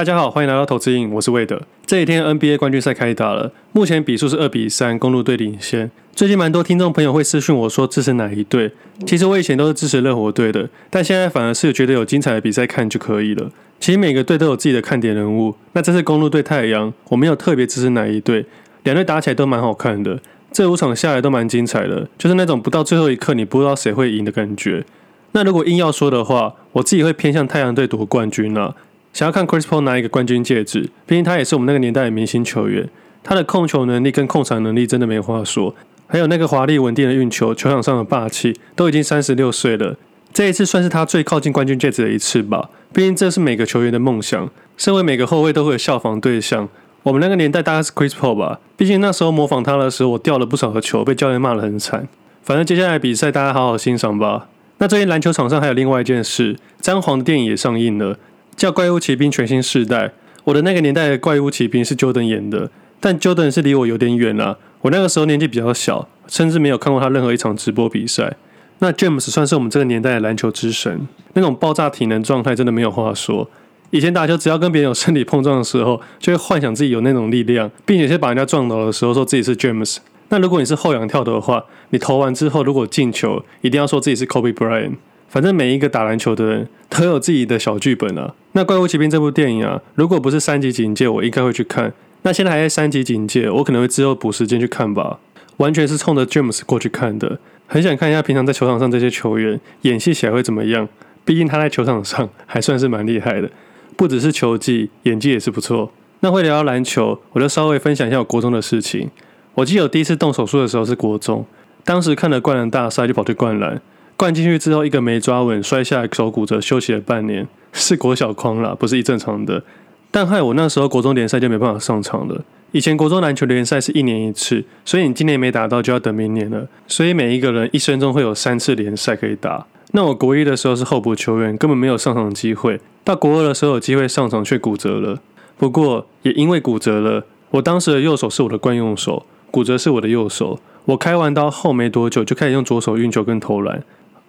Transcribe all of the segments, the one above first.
大家好，歡迎來到投資癮，我是魏德。這幾天 NBA 冠軍賽開打了，目前比數是二比三，公鹿隊領先。最近蠻多聽眾朋友會私訊我說支持哪一隊，其實我以前都是支持熱火隊的，但現在反而是覺得有精彩的比賽看就可以了。其實每個隊都有自己的看點人物，那這次公鹿對太陽，我沒有特別支持哪一隊，兩隊打起來都蠻好看的。這五場下來都蠻精彩的，就是那種不到最後一刻你不知道誰會贏的感覺。那如果硬要說的話，我自己會偏向太陽隊奪冠軍了，啊。想要看 Chris Paul 拿一個冠軍戒指，畢竟他也是我們那個年代的明星球員。他的控球能力跟控場能力真的沒話說，還有那個華麗穩定的運球，球場上的霸氣，都已經三十六歲了。這一次算是他最靠近冠軍戒指的一次吧，畢竟這是每個球員的夢想。身為每個後衛都會有效仿對象，我們那個年代大概是 Chris Paul 吧，畢竟那時候模仿他的時候，我掉了不少個球，被教練罵得很慘。反正接下來比賽大家好好欣賞吧。那最近籃球場上還有另外一件事，詹皇的電影也上映了。叫《怪物奇兵》全新世代，我的那個年代的《怪物奇兵》是 Jordan 演的，但 Jordan 是離我有點遠啊。我那個時候年紀比較小，甚至沒有看過他任何一場直播比賽。那 James 算是我們這個年代的籃球之神，那種爆炸體能狀態真的沒有話說。以前打球，只要跟別人有身體碰撞的時候，就會幻想自己有那種力量，並且是把人家撞倒的時候說自己是 James。那如果你是後仰跳投的話，你投完之後如果進球，一定要說自己是 Kobe Bryant。反正每一個打籃球的人，都有自己的小劇本啊。那《怪物奇兵》這部電影啊，如果不是三級警戒，我應該會去看。那現在還在三級警戒，我可能會之後補時間去看吧。完全是衝着 James 過去看的，很想看一下平常在球場上這些球員演戲起來會怎麼樣。畢竟他在球場上還算是蠻厲害的，不只是球技，演技也是不錯。那會聊聊籃球，我就稍微分享一下我國中的事情。我記得我第一次動手術的時候是國中，當時看了灌籃大賽就跑去灌籃，灌進去之後一個沒抓穩摔下來手骨折，休息了半年。是國小框啦，不是一正常的。但害我那時候國中聯賽就沒辦法上場了。以前國中籃球聯賽是一年一次，所以你今年沒打到，就要等明年了。所以每一個人一生中會有三次聯賽可以打。那我國一的時候是候補球員，根本沒有上場機會。到國二的時候有機會上場，卻骨折了。不過也因為骨折了，我當時的右手是我的慣用手，骨折是我的右手。我開完刀後沒多久，就開始用左手運球跟投籃。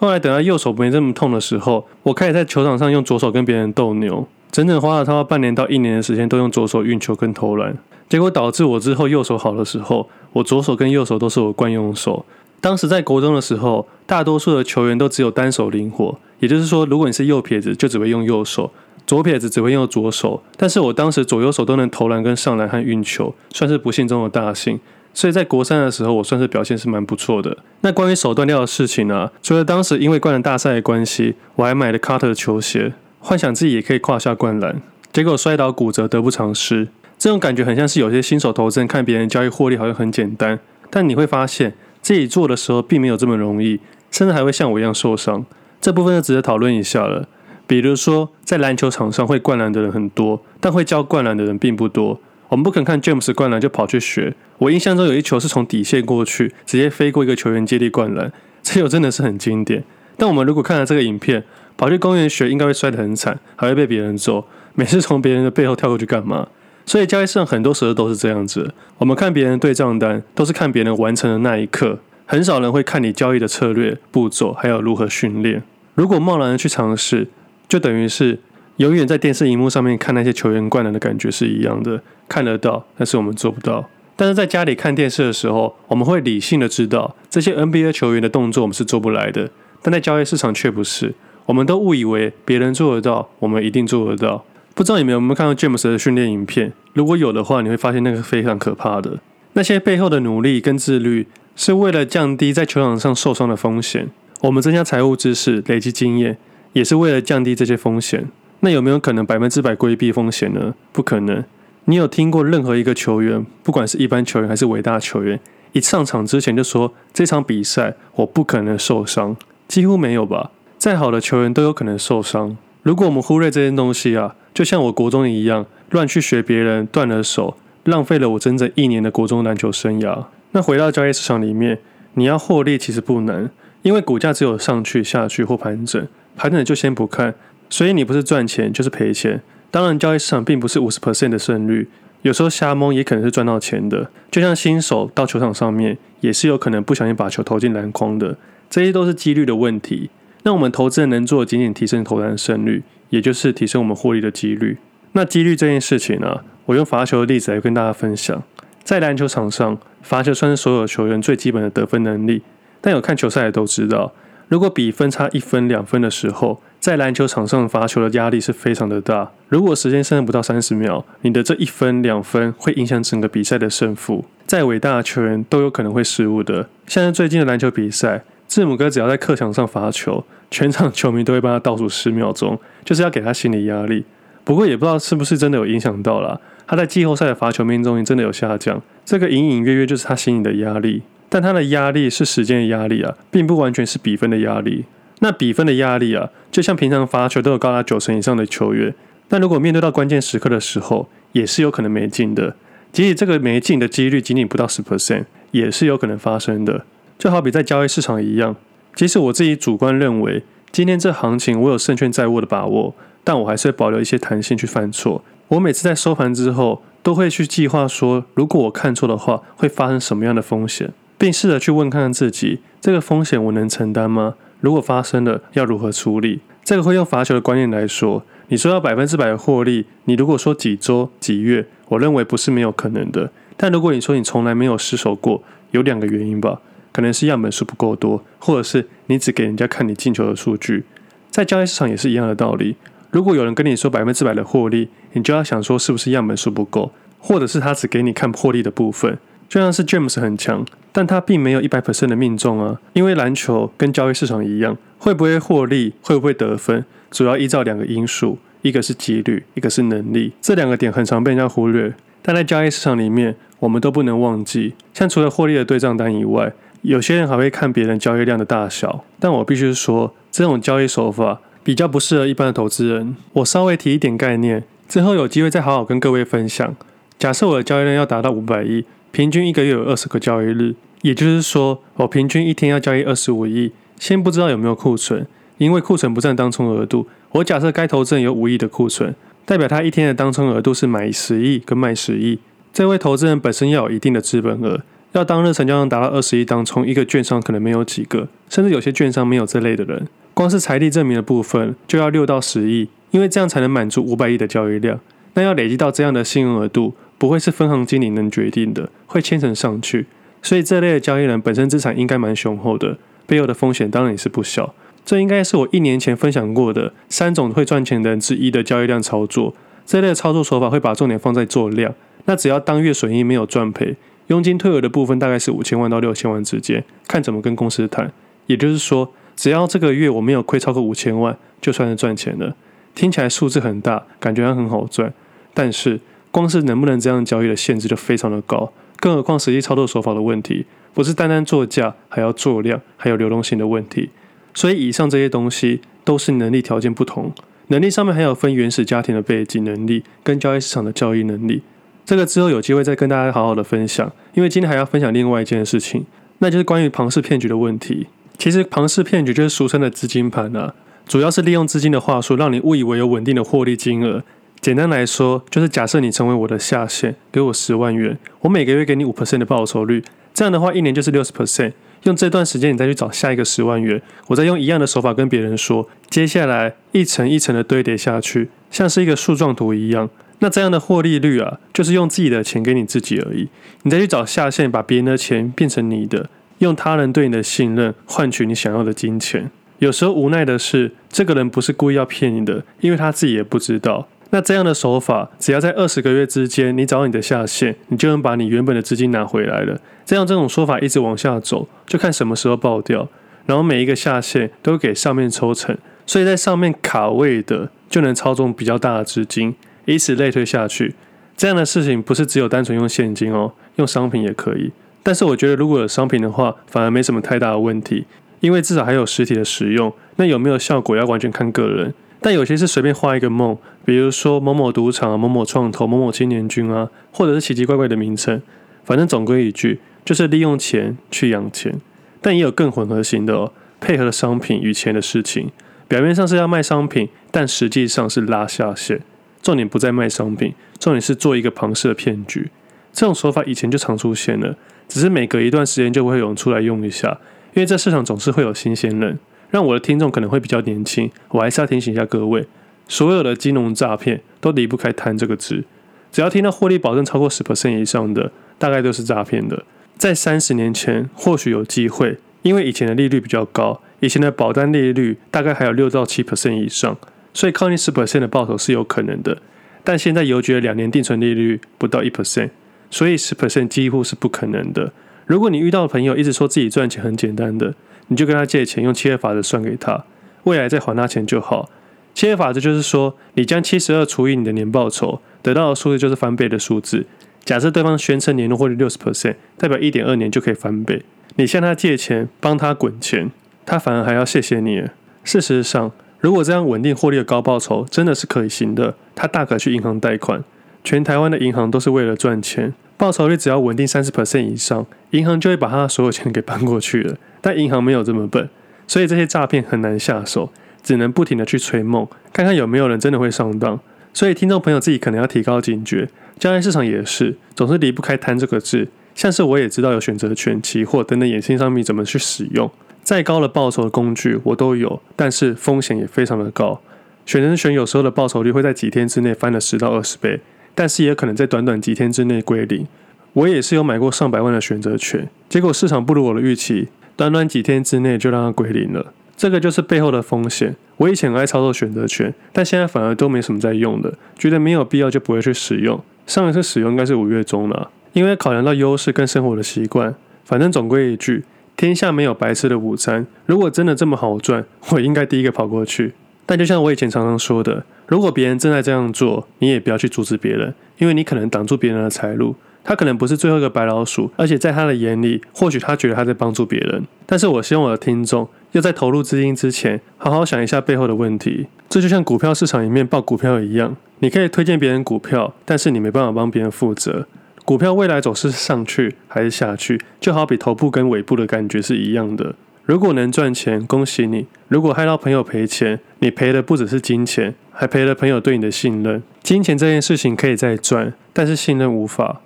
後來等到右手沒這麼痛的時候，我開始在球場上用左手跟別人鬥牛，整整花了差不多半年到一年的時間，都用左手運球跟投籃，結果導致我之後右手好的時候，我左手跟右手都是我慣用手。當時在國中的時候，大多數的球員都只有單手靈活，也就是說，如果你是右撇子，就只會用右手；左撇子只會用左手。但是我當時左右手都能投籃、跟上籃和運球，算是不幸中的大幸。所以在國三的時候，我算是表現是蠻不錯的。那關於手斷掉的事情呢、啊？除了當時因為灌籃大賽的關係，我還買了卡特的球鞋，幻想自己也可以胯下灌籃，結果摔倒骨折，得不償失。這種感覺很像是有些新手投資人，看別人交易獲利好像很簡單，但你會發現自己做的時候並沒有這麼容易，甚至還會像我一樣受傷。這部分就值得討論一下了。比如說，在籃球場上會灌籃的人很多，但會教灌籃的人並不多。我們不肯看 James 灌籃，就跑去學。我印象中有一球是從底線過去，直接飛過一個球員接力灌籃，這球真的是很經典。但我們如果看了這個影片，跑去公園學，應該會摔得很慘，還會被別人揍。每次從別人的背後跳過去幹嘛？所以交易上很多時候都是這樣子。我們看別人對賬單，都是看別人完成的那一刻，很少人會看你交易的策略、步驟，還有如何訓練。如果貿然的去嘗試，就等於是。永遠在電視屏幕上面看那些球員灌籃的感覺是一樣的，看得到，但是我們做不到。但是在家裡看電視的時候，我們會理性的知道這些 NBA 球員的動作我們是做不來的，但在交易市場卻不是。我們都誤以為別人做得到，我們一定做得到。不知道你們有沒有看到 James 的訓練影片？如果有的話，你會發現那個是非常可怕的。那些背後的努力跟自律，是為了降低在球場上受傷的風險。我們增加財務知識、累積經驗，也是為了降低這些風險。那有沒有可能百分之百規避風險呢？不可能。你有聽過任何一個球員，不管是一般球員還是偉大球員，一上場之前就說，這場比賽我不可能受傷，幾乎沒有吧。再好的球員都有可能受傷。如果我們忽略這些東西啊，就像我國中一樣，亂去學別人，斷了手，浪費了我整整一年的國中籃球生涯。那回到交易市場裡面，你要獲利其實不難，因為股價只有上去、下去或盤整，盤整就先不看，所以你不是賺錢就是賠錢。當然，交易市場並不是五十 percent 的勝率，有時候瞎蒙也可能是賺到錢的。就像新手到球場上面，也是有可能不小心把球投進籃筐的。這些都是幾率的問題。那我們投資人能做的，僅僅提升投籃的勝率，也就是提升我們獲利的幾率。那幾率這件事情呢、啊，我用罰球的例子來跟大家分享。在籃球場上，罰球算是所有球員最基本的得分能力。但有看球賽的都知道。如果比分差一分兩分的時候，在籃球場上罰球的壓力是非常的大。如果時間剩下不到三十秒，你的這一分兩分會影響整個比賽的勝負。再偉大的球員都有可能會失誤的。像是最近的籃球比賽，字母哥只要在客場上罰球，全場球迷都會幫他倒數十秒鐘，就是要給他心理壓力。不過也不知道是不是真的有影響到啦，他在季後賽的罰球命中率真的有下降。這個隱隱約約就是他心理的壓力。但它的壓力是時間的壓力啊，並不完全是比分的壓力。那比分的壓力啊，就像平常罰球都有高達九成以上的球員，但如果面對到關鍵時刻的時候，也是有可能沒進的。即使這個沒進的幾率僅僅不到十 percent，也是有可能發生的。就好比在交易市場一樣，即使我自己主觀認為今天這行情我有勝券在握的把握，但我還是會保留一些彈性去犯錯。我每次在收盤之後，都會去計劃說，如果我看錯的話，會發生什麼樣的風險。並試着去問看看自己，這個風險我能承擔嗎？如果發生了，要如何處理？這個會用罰球的觀念來說，你說要百分之百的獲利，你如果說幾周幾月，我認為不是沒有可能的。但如果你說你從來沒有失手過，有兩個原因吧，可能是樣本數不夠多，或者是你只給人家看你進球的數據。在交易市場也是一樣的道理，如果有人跟你說百分之百的獲利，你就要想說是不是樣本數不夠，或者是他只給你看獲利的部分。就像是 James 很強，但他並沒有一百%的命中啊。因為籃球跟交易市場一樣，會不會獲利，會不會得分，主要依照兩個因素：一個是機率，一個是能力。這兩個點很常被人家忽略，但在交易市場裡面，我們都不能忘記。像除了獲利的對賬單以外，有些人還會看別人交易量的大小。但我必須說，這種交易手法比較不適合一般的投資人。我稍微提一點概念，之後有機會再好好跟各位分享。假設我的交易量要達到五百億。平均一個月有二十個交易日，也就是說，我平均一天要交易二十五億。先不知道有沒有庫存，因為庫存不佔當沖額度。我假設該投資人有五億的庫存，代表他一天的當沖額度是買十億跟賣十億。這位投資人本身要有一定的資本額，要當日成交量達到二十億當沖，一個券商可能沒有幾個，甚至有些券商沒有這類的人。光是財力證明的部分就要六到十億，因為這樣才能滿足五百億的交易量。那要累積到這樣的信用額度，不會是分行經理能決定的，會牽扯上去，所以這類的交易人本身資產應該蠻雄厚的，背後的風險當然也是不小。這應該是我一年前分享過的三種會賺錢的人之一的交易量操作，這類的操作手法會把重點放在做量。那只要當月損益沒有賺賠，佣金退回的部分大概是五千萬到六千萬之間，看怎麼跟公司談。也就是說，只要這個月我沒有虧超過五千萬，就算是賺錢了。聽起來數字很大，感覺很好賺，但是，光是能不能這樣交易的限制就非常的高，更何況實際操作手法的問題，不是單單做價，還要做量，還有流動性的問題。所以以上這些東西都是能力條件不同，能力上面還有分原始家庭的背景能力跟交易市場的交易能力。這個之後有機會再跟大家好好的分享。因為今天還要分享另外一件事情，那就是關於龐氏騙局的問題。其實龐氏騙局就是俗稱的資金盤啊，主要是利用資金的話術，讓你誤以為有穩定的獲利金額。簡單來說，就是假設你成為我的下線，給我十萬元，我每個月給你五%的報酬率，這樣的話，一年就是六十%。用這段時間，你再去找下一個十萬元，我再用一樣的手法跟別人說，接下來一層一層的堆疊下去，像是一個樹狀圖一樣。那這樣的獲利率啊，就是用自己的錢給你自己而已。你再去找下線，把別人的錢變成你的，用他人對你的信任換取你想要的金錢。有時候無奈的是，這個人不是故意要騙你的，因為他自己也不知道。那這樣的手法，只要在二十個月之間，你找到你的下線，你就能把你原本的資金拿回來了。這樣這種說法一直往下走，就看什麼時候爆掉。然後每一個下線都給上面抽成，所以在上面卡位的就能操縱比較大的資金，以此類推下去。這樣的事情不是只有單純用現金哦，用商品也可以。但是我覺得如果有商品的話，反而沒什麼太大的問題，因為至少還有實體的使用。那有沒有效果，要完全看個人。但有些是隨便畫一個夢，比如說某某賭場、啊、某某創投、某某青年軍啊，或者是奇奇怪怪的名稱，反正總歸一句，就是利用錢去養錢。但也有更混合型的，哦，配合商品與錢的事情，表面上是要賣商品，但實際上是拉下線，重點不在賣商品，重點是做一個龐氏的騙局。這種手法以前就常出現了，只是每隔一段時間就會有人出來用一下，因為在市場總是會有新鮮人。讓我的聽眾可能會比較年輕，我還是要提醒一下各位，所有的金融詐騙都離不開“貪”這個字。只要聽到獲利保證超過十 percent 以上的，大概都是詐騙的。在三十年前或許有機會，因為以前的利率比較高，以前的保單利率大概還有六到七 percent 以上，所以靠你十 percent 的報酬是有可能的。但現在郵局的兩年定存利率不到一 percent，所以十 percent 幾乎是不可能的。如果你遇到的朋友一直說自己賺錢很簡單的，你就跟他借錢，用七二法則算給他，未來再還他錢就好。七二法則就是說，你將七十二除以你的年報酬，得到的數字就是翻倍的數字。假設對方宣稱年化獲利六十 percent，代表一點二年就可以翻倍。你向他借錢幫他滾錢，他反而還要謝謝你。事實上，如果這樣穩定獲利的高報酬真的是可以行的，他大可去銀行貸款。全台灣的銀行都是為了賺錢，報酬率只要穩定三十 percent 以上，銀行就會把他的所有錢給搬過去了。但銀行沒有這麼笨，所以這些詐騙很難下手，只能不停的去吹夢，看看有沒有人真的會上當。所以聽眾朋友自己可能要提高警覺，交易市場也是，總是離不開“貪”這個字。像是我也知道有選擇權、期貨等等衍生商品怎麼去使用，再高的報酬的工具我都有，但是風險也非常的高。選擇權有時候的報酬率會在幾天之內翻了十到二十倍，但是也可能在短短幾天之內歸零。我也是有買過上百萬的選擇權，結果市場不如我的預期。短短幾天之內就讓它歸零了，這個就是背後的風險。我以前很愛操作選擇權，但現在反而都沒什麼在用的，覺得沒有必要就不會去使用。上一次使用應該是五月中了啊，因為考量到優勢跟生活的習慣，反正總歸一句：天下沒有白吃的午餐。如果真的這麼好賺，我應該第一個跑過去。但就像我以前常常說的，如果別人正在這樣做，你也不要去阻止別人，因為你可能擋住別人的財路。他可能不是最後一個白老鼠，而且在他的眼裡，或許他覺得他在幫助別人。但是，我希望我的聽眾要在投入資金之前，好好想一下背後的問題。這就像股票市場裡面報股票一樣，你可以推薦別人股票，但是你沒辦法幫別人負責。股票未來走勢是上去還是下去，就好比頭部跟尾部的感覺是一樣的。如果能賺錢，恭喜你；如果害到朋友賠錢，你賠的不只是金錢，還賠了朋友對你的信任。金錢這件事情可以再賺，但是信任無法。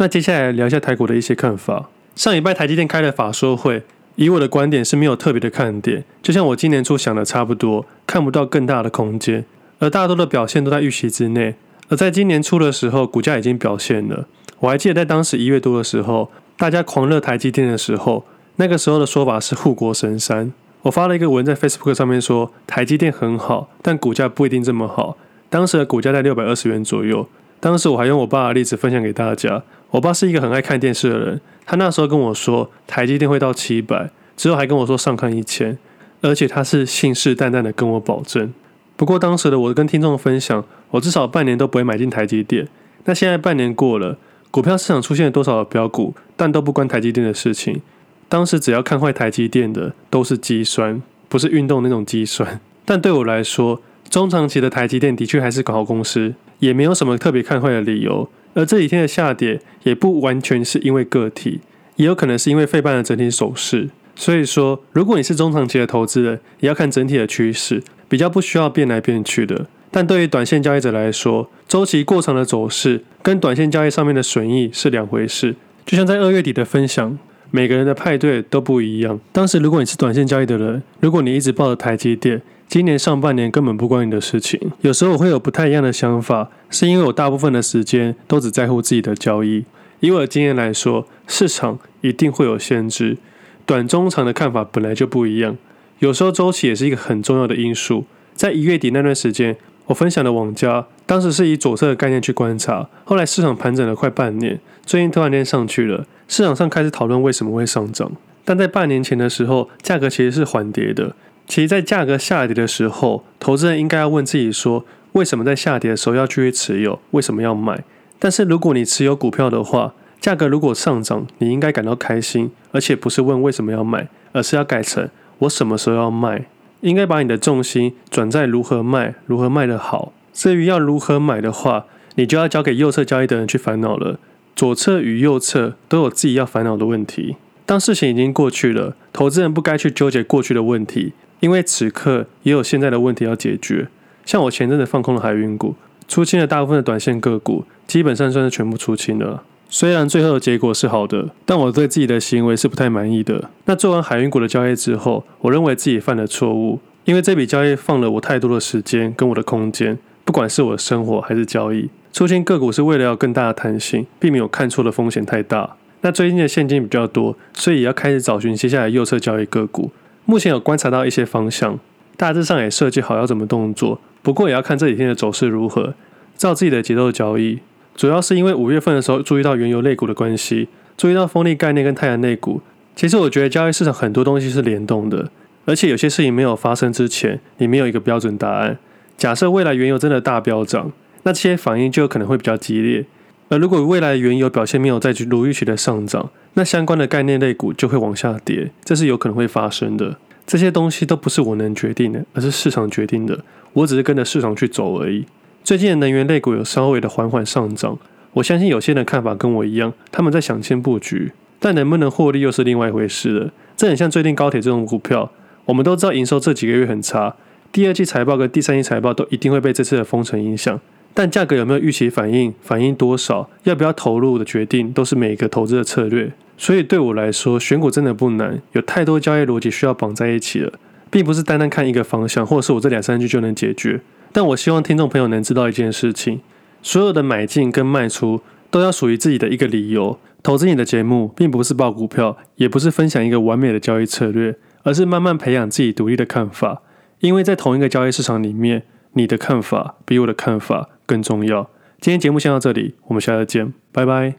那接下來聊一下台股的一些看法。上禮拜台積電開了法說會，以我的觀點是沒有特別的看點，就像我今年初想的差不多，看不到更大的空間。而大多的表現都在預期之內，而在今年初的時候，股價已經表現了。我還記得在當時一月多的時候，大家狂熱台積電的時候，那個時候的說法是護國神山。我發了一個文在 Facebook 上面說，台積電很好，但股價不一定這麼好。當時的股價在六百二十元左右，當時我還用我爸的例子分享給大家。我爸是一個很愛看電視的人，他那時候跟我說台積電會到七百，之後還跟我說上看一千，而且他是信誓旦旦的跟我保證。不過當時的我跟聽眾分享，我至少半年都不會買進台積電。那現在半年過了，股票市場出現了多少的飆股，但都不關台積電的事情。當時只要看壞台積電的都是積酸，不是運動那種肌酸。但對我來說，中長期的台積電的確還是個好公司，也沒有什麼特別看壞的理由。而這幾天的下跌也不完全是因為個體，也有可能是因為費半的整體走勢。所以說，如果你是中長期的投資人，也要看整體的趨勢，比較不需要變來變去的。但對於短線交易者來說，周期過長的走勢跟短線交易上面的損益是兩回事。就像在二月底的分享，每個人的派對都不一樣。當時如果你是短線交易的人，如果你一直抱着台積電。今年上半年根本不關你的事情。有時候我會有不太一樣的想法，是因為我大部分的時間都只在乎自己的交易。以我的經驗來說，市場一定會有限制，短、中、長的看法本來就不一樣。有時候周期也是一個很重要的因素。在一月底那段時間，我分享的網家當時是以左側的概念去觀察，後來市場盤整了快半年，最近突然間上去了，市場上開始討論為什麼會上漲，但在半年前的時候，價格其實是緩跌的。其實，在價格下跌的時候，投資人應該要問自己說：為什麼在下跌的時候要繼續持有？為什麼要賣？但是，如果你持有股票的話，價格如果上漲，你應該感到開心，而且不是問為什麼要賣，而是要改成我什麼時候要賣？應該把你的重心轉在如何賣、如何賣得好。至於要如何買的話，你就要交給右側交易的人去煩惱了。左側與右側都有自己要煩惱的問題。當事情已經過去了，投資人不該去糾結過去的問題。因為此刻也有現在的問題要解決，像我前陣子放空了海運股，出清了大部分的短線個股，基本上算是全部出清了。雖然最後的結果是好的，但我對自己的行為是不太滿意的。那做完海運股的交易之後，我認為自己犯了錯誤，因為這筆交易放了我太多的時間跟我的空間，不管是我的生活還是交易。出清個股是為了要更大的彈性，避免我看錯的風險太大。那最近的現金比較多，所以也要開始找尋接下來右側交易個股。目前有觀察到一些方向，大致上也設計好要怎麼動作，不過也要看這幾天的走勢如何，照自己的節奏交易。主要是因為五月份的時候注意到原油類股的關係，注意到風力概念跟太陽類股。其實我覺得交易市場很多東西是聯動的，而且有些事情沒有發生之前，你沒有一個標準答案。假設未來原油真的大飆漲，那這些反應就可能會比較激烈。而，如果未來原油表現沒有再去如預期的上漲，那相關的概念類股就會往下跌，這是有可能會發生的。這些東西都不是我能決定的，而是市場決定的，我只是跟着市場去走而已。最近的能源類股有稍微的緩緩上漲，我相信有些人看法跟我一樣，他們在想先布局，但能不能獲利又是另外一回事了。這很像最近高鐵這種股票，我們都知道營收這幾個月很差，第二季財報跟第三季財報都一定會被這次的封城影響。但價格有沒有預期反應？反應多少？要不要投入的決定，都是每一個投資的策略。所以對我來說，選股真的不難，有太多交易邏輯需要綁在一起了，並不是單單看一個方向，或者是我這兩三句就能解決。但我希望聽眾朋友能知道一件事情：所有的買進跟賣出，都要屬於自己的一個理由。投資癮的節目，並不是報股票，也不是分享一個完美的交易策略，而是慢慢培養自己獨立的看法。因為在同一個交易市場裡面。你的看法比我的看法更重要。今天節目先到這裡，我們下次見，拜拜。